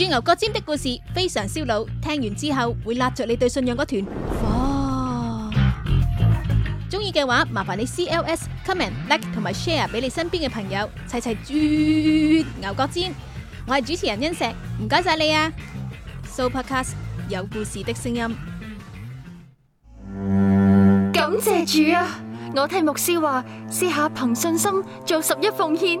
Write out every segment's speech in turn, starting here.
鑽牛角尖的故事非常燒腦，聽完之後會拉著你對信仰嗰團火。中意嘅話，麻煩你 C L S Comment、Like 同埋 share 俾你身邊嘅朋友，齊齊鑽牛角尖。我係主持人欣石，唔該晒你啊！Super Cast 有故事的聲音，感謝主啊！我聽牧師話，試下憑信心做十一奉獻。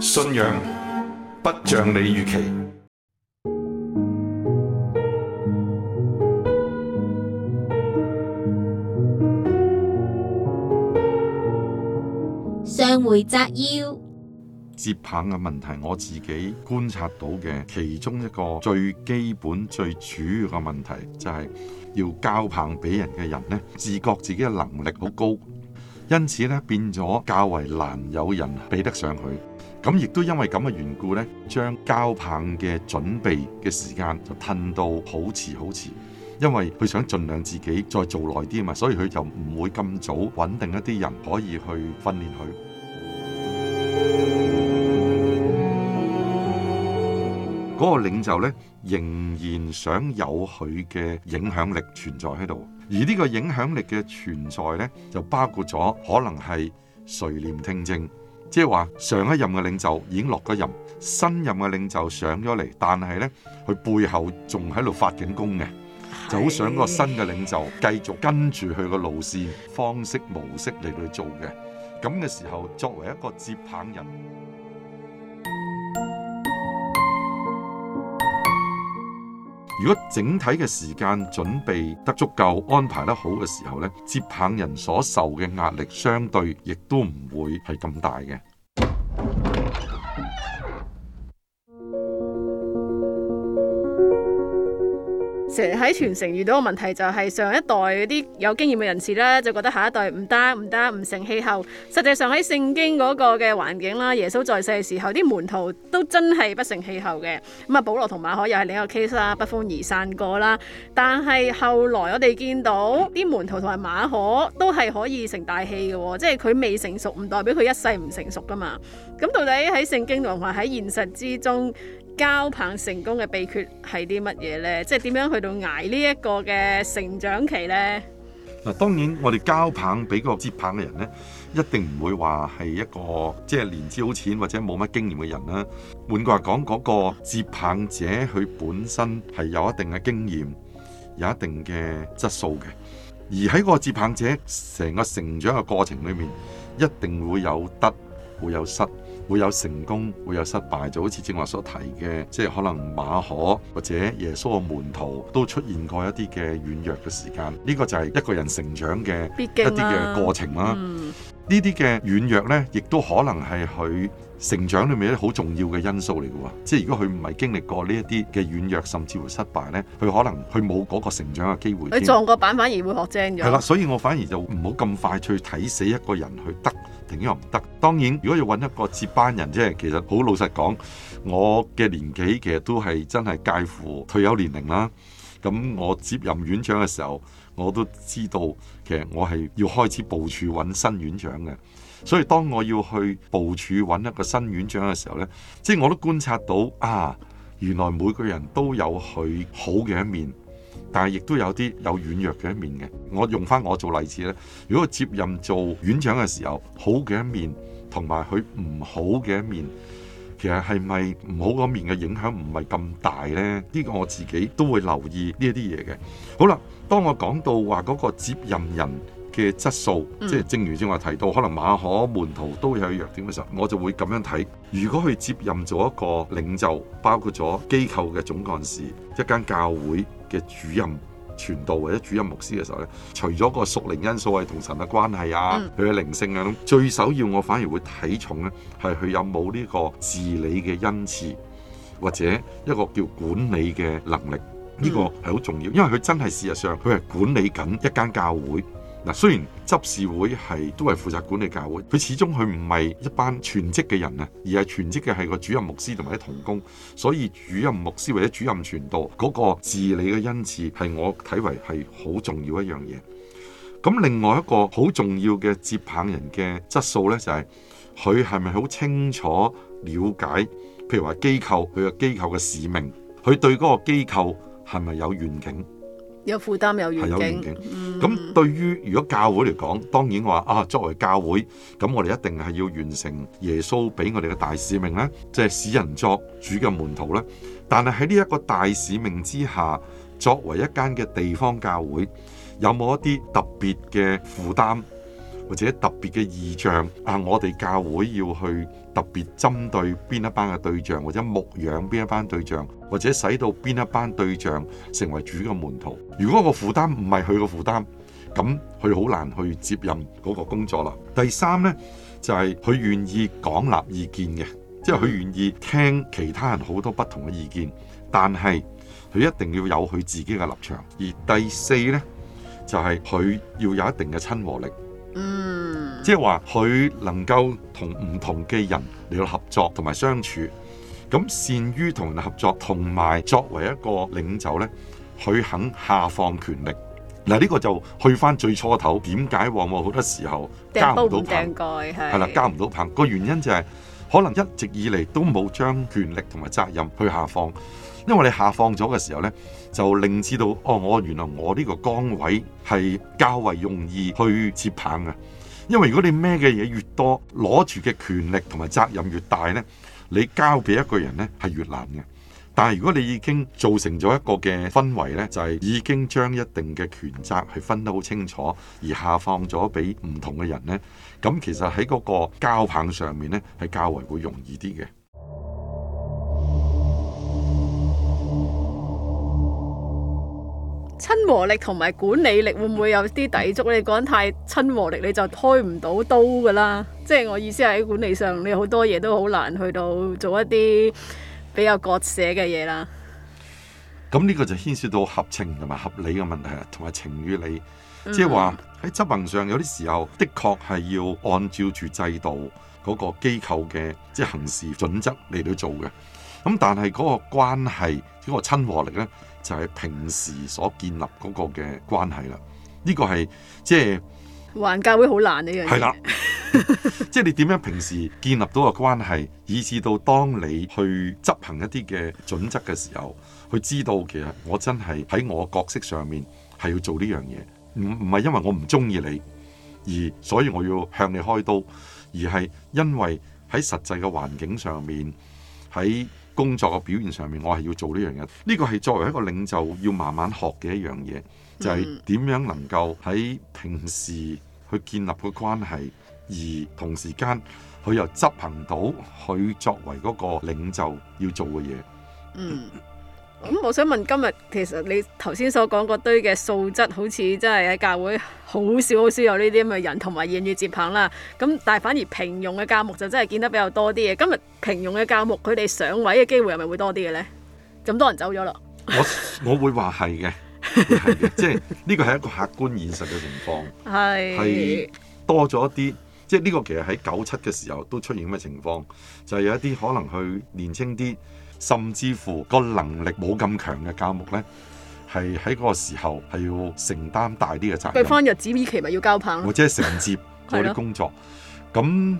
信仰不像你預期。上回摘要接棒嘅問題，我自己觀察到嘅其中一個最基本、最主要嘅問題，就係、是、要交棒俾人嘅人呢，自覺自己嘅能力好高，因此呢變咗較為難有人比得上佢。咁亦都因為咁嘅緣故呢，將交棒嘅準備嘅時間就褪到好遲好遲，因為佢想盡量自己再做耐啲啊嘛，所以佢就唔會咁早穩定一啲人可以去訓練佢。嗰個領袖呢，仍然想有佢嘅影響力存在喺度，而呢個影響力嘅存在呢，就包括咗可能係垂簾聽政。即係話，上一任嘅領袖已經落咗任，新任嘅領袖上咗嚟，但係呢，佢背後仲喺度發緊功嘅，的就好想個新嘅領袖繼續跟住佢個路線、方式、模式嚟去做嘅。咁嘅時候，作為一個接棒人。如果整體嘅時間準備得足夠、安排得好嘅時候，接棒人所受嘅壓力相對亦都唔會係咁大嘅。其實喺傳承遇到嘅問題就係上一代嗰啲有經驗嘅人士咧，就覺得下一代唔得唔得唔成氣候。實際上喺聖經嗰個嘅環境啦，耶穌在世嘅時候，啲門徒都真係不成氣候嘅。咁啊，保羅同馬可又係另一個 case 啦，不歡而散過啦。但係後來我哋見到啲門徒同埋馬可都係可以成大器嘅喎，即係佢未成熟，唔代表佢一世唔成熟㗎嘛。咁到底喺聖經同埋喺現實之中，交棒成功嘅秘訣係啲乜嘢呢？即係點樣去到捱呢一個嘅成長期呢？嗱，當然我哋交棒俾個接棒嘅人呢，一定唔會話係一個即係、就是、年資好淺，或者冇乜經驗嘅人啦。換句話講，嗰、那個接棒者佢本身係有一定嘅經驗，有一定嘅質素嘅。而喺個接棒者成個成長嘅過程裏面，一定會有得會有失。會有成功，會有失敗，就好似正話所提嘅，即係可能馬可或者耶穌嘅門徒都出現過一啲嘅軟弱嘅時間。呢個就係一個人成長嘅一啲嘅過程啦。呢啲嘅軟弱呢，亦都可能係佢成長裏面一個好重要嘅因素嚟嘅喎。即係如果佢唔係經歷過呢一啲嘅軟弱，甚至乎失敗呢，佢可能佢冇嗰個成長嘅機會。佢撞個板反而會學精咗。係啦，所以我反而就唔好咁快去睇死一個人去得，又唔得，當然如果要揾一個接班人，即係其實好老實講，我嘅年紀其實都係真係介乎退休年齡啦。咁我接任院長嘅時候，我都知道其實我係要開始部署揾新院長嘅。所以當我要去部署揾一個新院長嘅時候呢，即係我都觀察到啊，原來每個人都有佢好嘅一面。但係亦都有啲有軟弱嘅一面嘅，我用翻我做例子咧。如果接任做院長嘅時候，好嘅一面同埋佢唔好嘅一面，其實係咪唔好個面嘅影響唔係咁大呢？呢個我自己都會留意呢一啲嘢嘅。好啦，當我講到話嗰個接任人嘅質素，即係正如正話提到，可能馬可門徒都有弱點嘅時候，我就會咁樣睇。如果佢接任咗一個領袖，包括咗機構嘅總幹事一間教會。嘅主任傳道或者主任牧師嘅時候咧，除咗個屬靈因素係同神嘅關係啊，佢嘅、嗯、靈性啊，咁最首要我反而會睇重咧，係佢有冇呢個治理嘅恩賜，或者一個叫管理嘅能力，呢、呢個係好重要，嗯、因為佢真係事實上佢係管理緊一間教會。嗱，雖然執事會係都係負責管理教會，佢始終佢唔係一班全職嘅人啊，而係全職嘅係個主任牧師同埋啲同工，所以主任牧師或者主任傳道嗰、那個治理嘅恩賜係我睇為係好重要一樣嘢。咁另外一個好重要嘅接棒人嘅質素呢，就係佢係咪好清楚了解，譬如話機構佢個機構嘅使命，佢對嗰個機構係咪有願景？有負擔，有環境，咁對於如果教會嚟講，當然話啊，作為教會，咁我哋一定係要完成耶穌俾我哋嘅大使命咧，即係使人作主嘅門徒咧。但係喺呢一個大使命之下，作為一間嘅地方教會，有冇一啲特別嘅負擔或者特別嘅異象啊？我哋教會要去，特別針對邊一班嘅對象，或者牧養邊一班對象，或者使到邊一班對象成為主嘅門徒。如果個負擔唔係佢嘅負擔，咁佢好難去接任嗰個工作啦。第三呢，就係佢願意廣納意見嘅，即係佢願意聽其他人好多不同嘅意見，但係佢一定要有佢自己嘅立場。而第四呢，就係、是、佢要有一定嘅親和力。嗯，即係話佢能夠同唔同嘅人嚟到合作同埋相處，咁善於同人合作，同埋作為一個領袖呢，佢肯下放權力。嗱，呢個就去翻最初頭，點解往往好多時候交唔到朋友係啦，交唔到朋友個原因就係可能一直以嚟都冇將權力同埋責任去下放。因為你下放咗嘅時候呢，就令知道哦，我原來我呢個崗位係較為容易去接棒嘅。因為如果你孭嘅嘢越多，攞住嘅權力同埋責任越大呢，你交俾一個人呢係越難嘅。但係如果你已經造成咗一個嘅氛圍呢，就係、是、已經將一定嘅權責係分得好清楚，而下放咗俾唔同嘅人呢，咁其實喺嗰個交棒上面呢，係較為會容易啲嘅。親和力同埋管理力會唔會有啲抵觸？你講太親和力，你就開唔到刀㗎喇。即係我意思係喺管理上，你好多嘢都好難去到做一啲比較割捨嘅嘢啦。咁呢個就牽涉到合情同埋合理嘅問題啊，同埋情與理，即係話喺執行上有啲時候的確係要按照住制度嗰個機構嘅即係行事準則嚟到做嘅。咁但係嗰個關係，嗰個親和力呢，就係平時所建立嗰個嘅關係啦，呢個係即係，環教會好難呢樣嘢。係啦，即係你點樣平時建立到個關係，以至到當你去執行一啲嘅準則嘅時候，去知道其實我真係喺我的角色上面係要做呢樣嘢，唔唔係因為我唔中意你而所以我要向你開刀，而係因為喺實際嘅環境上面喺工作嘅表現上面，我係要做呢樣嘢。呢個係作為一個領袖要慢慢學嘅一樣嘢，就係點樣能夠喺平時去建立個關係，而同時間佢又執行到佢作為嗰個領袖要做嘅嘢。嗯。嗯。咁我想問今日，其實你頭先所講嗰堆嘅素質，好似真係喺教會好少好少有呢啲咁嘅人，同埋願意接棒啦。咁但係反而平庸嘅教牧就真係見得比較多啲嘅。今日平庸嘅教牧，佢哋上位嘅機會係咪會多啲嘅咧？咁多人走咗啦，我我會話係嘅，係 即係呢個係一個客觀現實嘅情況，係係 多咗一啲，即係呢個其實喺九七嘅時候都出現咁嘅情況，就係、是、有一啲可能去年青啲。甚至乎個能力冇咁強嘅教牧呢，係喺嗰個時候係要承擔大啲嘅責任。對方日子尾期咪要交棒或者承接嗰啲工作 的。咁誒、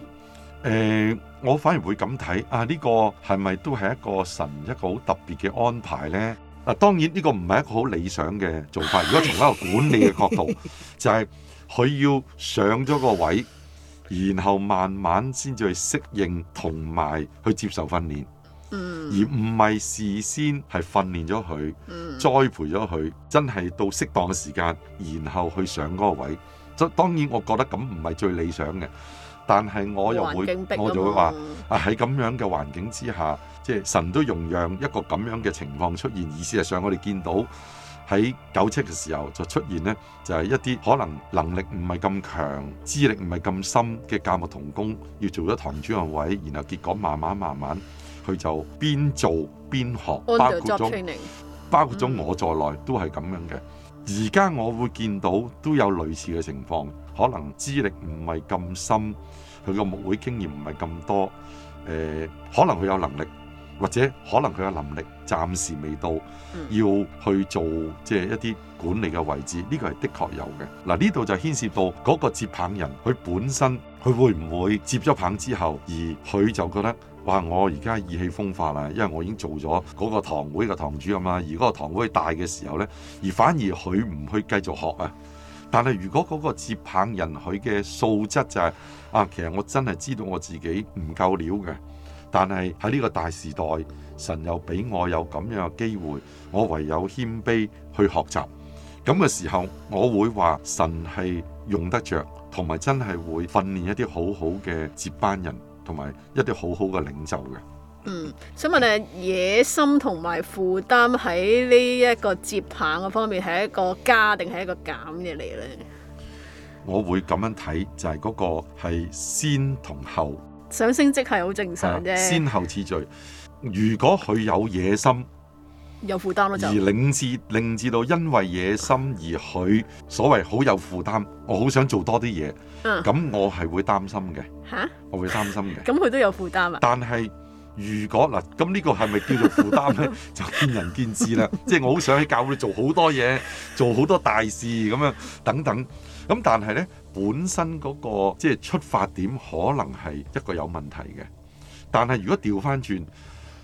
呃，我反而會咁睇啊！呢、呢個係咪都係一個神一個好特別嘅安排呢？嗱、啊，當然呢個唔係一個好理想嘅做法。如果從一個管理嘅角度， 就係佢要上咗個位，然後慢慢先至去適應同埋去接受訓練。嗯、而唔係事先係訓練咗佢，嗯、栽培咗佢，真係到適當嘅時間，然後去上嗰個位。就當然，我覺得咁唔係最理想嘅，但係我又會，我就會話啊，喺咁樣嘅環境之下，即係神都容讓一個咁樣嘅情況出現。而事實上，我哋見到喺九七嘅時候就出現呢，就係、是、一啲可能能力唔係咁強、資歷唔係咁深嘅教牧同工，要做咗堂主任嘅位，然後結果慢慢慢慢。佢就邊做邊學，包括咗包括咗我在內都係咁樣嘅。而家我會見到都有類似嘅情況，可能資歷唔係咁深，佢嘅牧會經驗唔係咁多。誒可能佢有能力，或者可能佢嘅能力暫時未到，要去做即係一啲管理嘅位置。呢個係的確有嘅。嗱，呢度就牽涉到嗰個接棒人，佢本身佢會唔會接咗棒之後，而佢就覺得？話，我而家意氣風發啦，因為我已經做咗嗰個堂會嘅堂主吖嘛。而嗰個堂會大嘅時候呢，而反而佢唔去繼續學啊。但係如果嗰個接棒人佢嘅素質就係啊，其實我真係知道我自己唔夠料嘅。但係喺呢個大時代，神又俾我有咁樣嘅機會，我唯有謙卑去學習。咁嘅時候，我會話神係用得着，同埋真係會訓練一啲好好嘅接班人。同埋一啲好好嘅領袖嘅，嗯，想問你野心同埋負擔喺呢一個接棒嘅方面係一個加定係一個減嘅嚟呢？我會咁樣睇就係、是、嗰個係先同後，想升職係好正常啫，先後次序。如果佢有野心。有負擔咯，就而令至令至到，因為野心而佢所謂好有負擔，我好想做多啲嘢。咁、uh, 我係會擔心嘅。吓，Huh? 我會擔心嘅。咁佢 都有負擔啊？但係如果嗱，咁呢個係咪叫做負擔呢？ 就見仁見智啦。即、就、係、是、我好想喺教會做好多嘢，做好多大事咁樣等等。咁但係呢，本身嗰、那個即係、就是、出發點可能係一個有問題嘅。但係如果調翻轉。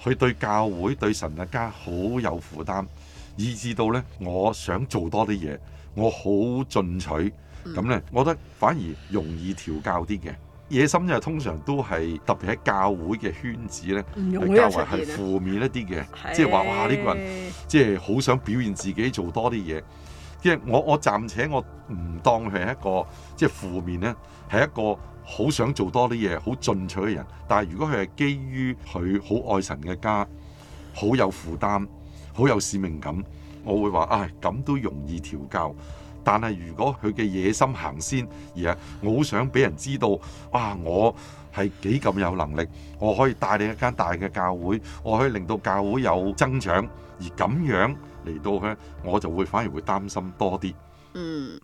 佢對教會對神阿家好有負擔，以至到咧，我想做多啲嘢，我好進取，咁咧，我覺得反而容易調教啲嘅野心，因為通常都係特別喺教會嘅圈子咧，教為係負面一啲嘅，即係話哇，呢個人即係好想表現自己做多啲嘢，即係我我暫且我唔當佢係一個即係負面咧，係一個。好想做多啲嘢，好進取嘅人，但係如果佢係基於佢好愛神嘅家，好有負擔，好有使命感，我會話：唉，咁都容易調教。但係如果佢嘅野心行先，而係我好想俾人知道，啊，我係幾咁有能力，我可以帶領一間大嘅教會，我可以令到教會有增長，而咁樣嚟到佢，我就會反而會擔心多啲。嗯。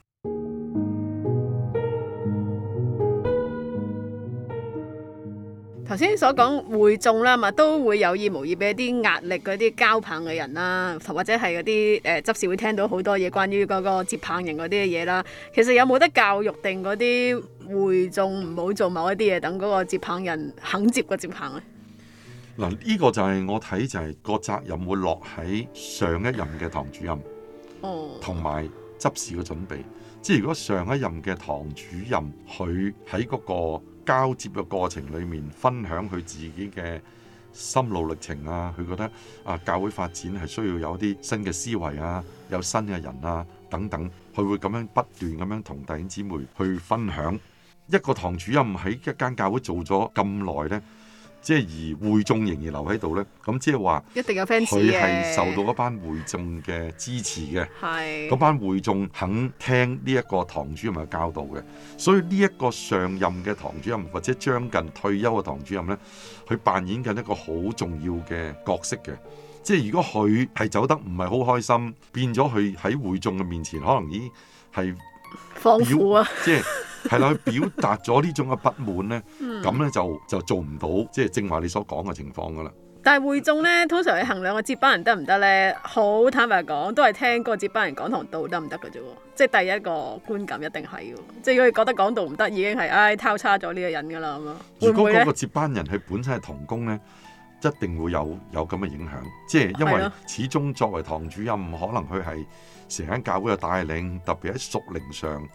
頭先所講會眾啦，嘛都會有意無意俾一啲壓力嗰啲交棒嘅人啦，或者係嗰啲誒執事會聽到好多嘢關於嗰個接棒人嗰啲嘢啦。其實有冇得教育定嗰啲會眾唔好做某一啲嘢，等嗰個接棒人肯接個接棒咧？嗱，呢個就係我睇就係個責任會落喺上一任嘅堂主任哦，同埋執事嘅準備。即係如果上一任嘅堂主任佢喺嗰個。交接嘅過程裏面，分享佢自己嘅心路歷程啊，佢覺得啊教會發展係需要有啲新嘅思維啊，有新嘅人啊等等，佢會咁樣不斷咁樣同弟兄姊妹去分享。一個堂主任喺一間教會做咗咁耐呢。即係而會眾仍然留喺度呢。咁即係話，一定有 fans 嘅，佢係受到一班會眾嘅支持嘅，嗰是的 班會眾肯聽呢一個堂主任嘅教導嘅，所以呢一個上任嘅堂主任或者將近退休嘅堂主任呢，佢扮演緊一個好重要嘅角色嘅，即係如果佢係走得唔係好開心，變咗佢喺會眾嘅面前，可能已經係。放苦啊表！ 即係係啦，去表達咗呢種嘅不滿咧，咁咧 就就做唔到，即係正話你所講嘅情況噶啦。但係會眾咧，通常你衡量個接班人得唔得咧，好坦白講，都係聽嗰個接班人講堂道得唔得嘅啫。即係第一個觀感一定係嘅，即係如果覺得講道唔得，已經係唉，偷、哎、叉咗呢個人噶啦咁啊。會會如果嗰個接班人佢本身係童工咧，一定會有有咁嘅影響。即係因為始終作為堂主任，是的可能佢係。成間教會嘅帶領，特別喺屬靈上，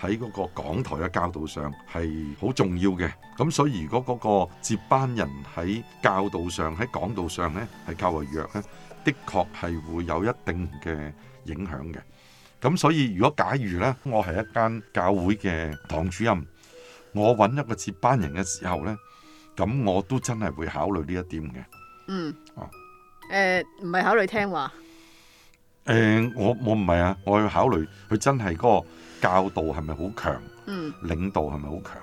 喺嗰個講台嘅教導上，係好重要嘅。咁所以如果嗰個接班人喺教導上、喺講道上咧，係較為弱咧，的確係會有一定嘅影響嘅。咁所以如果假如咧，我係一間教會嘅堂主任，我揾一個接班人嘅時候咧，咁我都真係會考慮呢一點嘅。嗯。哦。誒，唔係考慮聽話。誒、呃、我我唔係啊，我要考慮佢真係個教導係咪好強？嗯，領導係咪好強？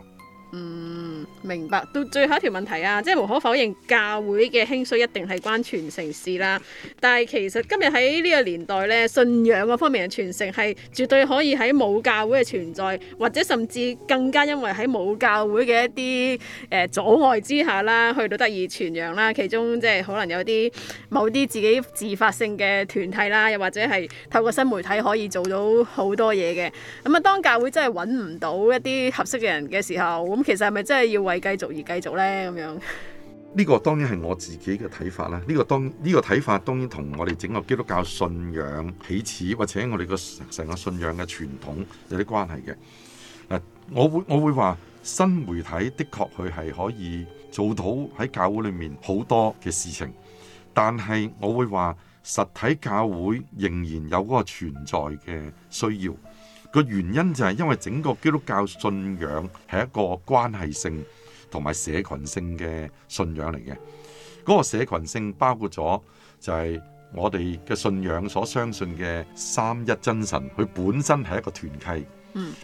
嗯，明白。到最後一條問題啊，即係無可否認教會嘅興衰一定係關傳承事啦。但係其實今日喺呢個年代咧，信仰嘅方面嘅傳承係絕對可以喺冇教會嘅存在，或者甚至更加因為喺冇教會嘅一啲誒、呃、阻礙之下啦，去到得以傳揚啦。其中即係可能有啲某啲自己自發性嘅團體啦，又或者係透過新媒體可以做到好多嘢嘅。咁、嗯、啊，當教會真係揾唔到一啲合適嘅人嘅時候，其實係咪真係要為繼續而繼續呢？咁樣呢個當然係我自己嘅睇法啦。呢個當呢個睇法當然同我哋整個基督教信仰起始，或者我哋個成個信仰嘅傳統有啲關係嘅。我會我會話新媒體的確佢係可以做到喺教會裏面好多嘅事情，但係我會話實體教會仍然有嗰個存在嘅需要。個原因就係因為整個基督教信仰係一個關係性同埋社群性嘅信仰嚟嘅。嗰個社群性包括咗就係我哋嘅信仰所相信嘅三一真神，佢本身係一個團契，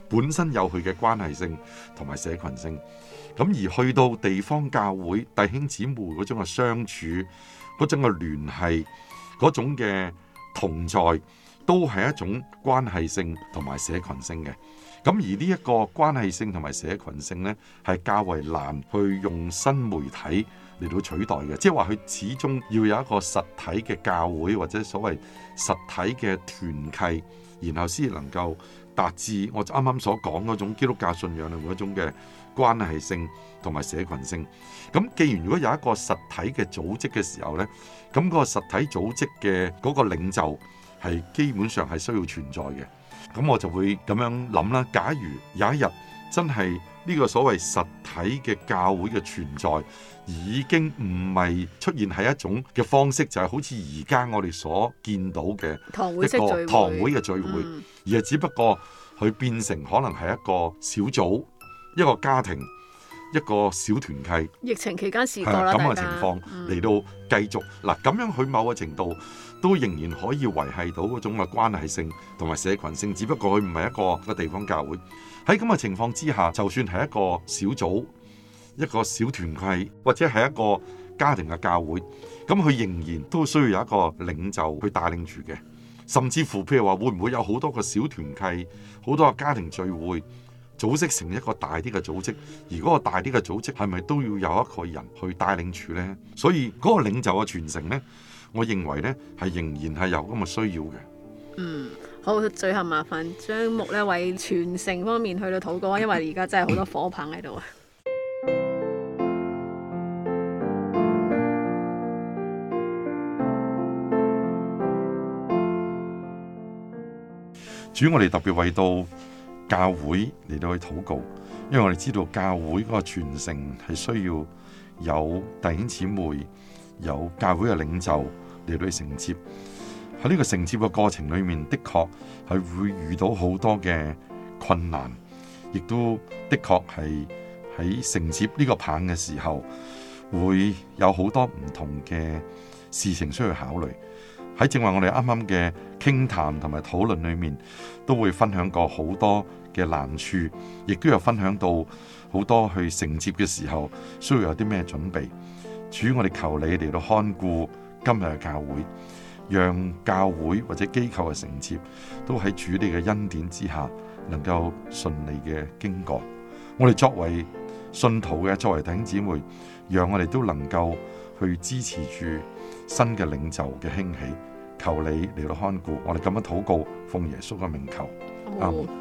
本身有佢嘅關係性同埋社群性。咁而去到地方教會弟兄姊妹嗰種嘅相處，嗰種嘅聯繫，嗰種嘅同在。都係一種關係性同埋社群性嘅，咁而呢一個關係性同埋社群性呢，係較為難去用新媒體嚟到取代嘅，即係話佢始終要有一個實體嘅教會或者所謂實體嘅團契，然後先能夠達至我啱啱所講嗰種基督教信仰嘅嗰種嘅關係性同埋社群性。咁既然如果有一個實體嘅組織嘅時候呢，咁嗰個實體組織嘅嗰個領袖。係基本上係需要存在嘅，咁我就會咁樣諗啦。假如有一日真係呢個所謂實體嘅教會嘅存在已經唔係出現喺一種嘅方式，就係好似而家我哋所見到嘅一個堂會嘅聚會，嗯、而係只不過佢變成可能係一個小組、一個家庭。一個小團契，疫情期間試過咁嘅情況嚟到繼續嗱，咁樣去某個程度都仍然可以維繫到嗰種嘅關係性同埋社群性，只不過佢唔係一個個地方教會。喺咁嘅情況之下，就算係一個小組、一個小團契，或者係一個家庭嘅教會，咁佢仍然都需要有一個領袖去帶領住嘅，甚至乎譬如話，會唔會有好多個小團契、好多個家庭聚會？組織成一個大啲嘅組織，而嗰個大啲嘅組織係咪都要有一個人去帶領住呢？所以嗰個領袖嘅傳承呢，我認為呢係仍然係有咁嘅需要嘅。嗯，好，最後麻煩張木呢為傳承方面去到禱告，因為而家真係好多火棒喺度啊！嗯、主，我哋特別為到。教會嚟到去禱告，因為我哋知道教會嗰個傳承係需要有弟兄姊妹、有教會嘅領袖嚟到去承接。喺呢個承接嘅過程裏面，的確係會遇到好多嘅困難，亦都的確係喺承接呢個棒嘅時候，會有好多唔同嘅事情需要考慮。喺正話我哋啱啱嘅傾談同埋討論裏面，都會分享過好多嘅難處，亦都有分享到好多去承接嘅時候，需要有啲咩準備。主，我哋求你嚟到看顧今日嘅教會，讓教會或者機構嘅承接都喺主你嘅恩典之下，能夠順利嘅經過。我哋作為信徒嘅，作為弟兄姊妹，讓我哋都能夠去支持住新嘅領袖嘅興起。求你嚟到看顧我哋，咁樣禱告，奉耶穌嘅名求啊！Oh. Um,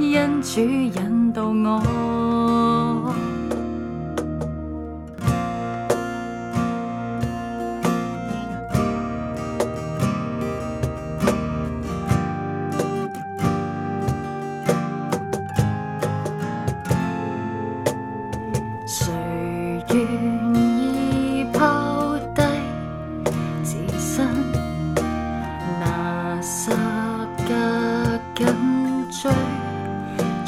因主引導我。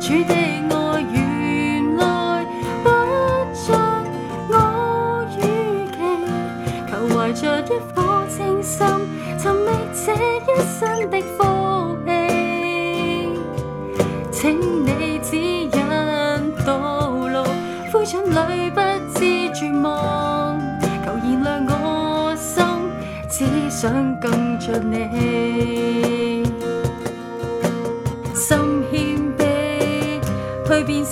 主的愛原來不在我預期，求懷着一顆清心，尋覓這一生的福氣，請你指引道路，灰塵裏不知絕望，求燃亮我心，只想跟着你。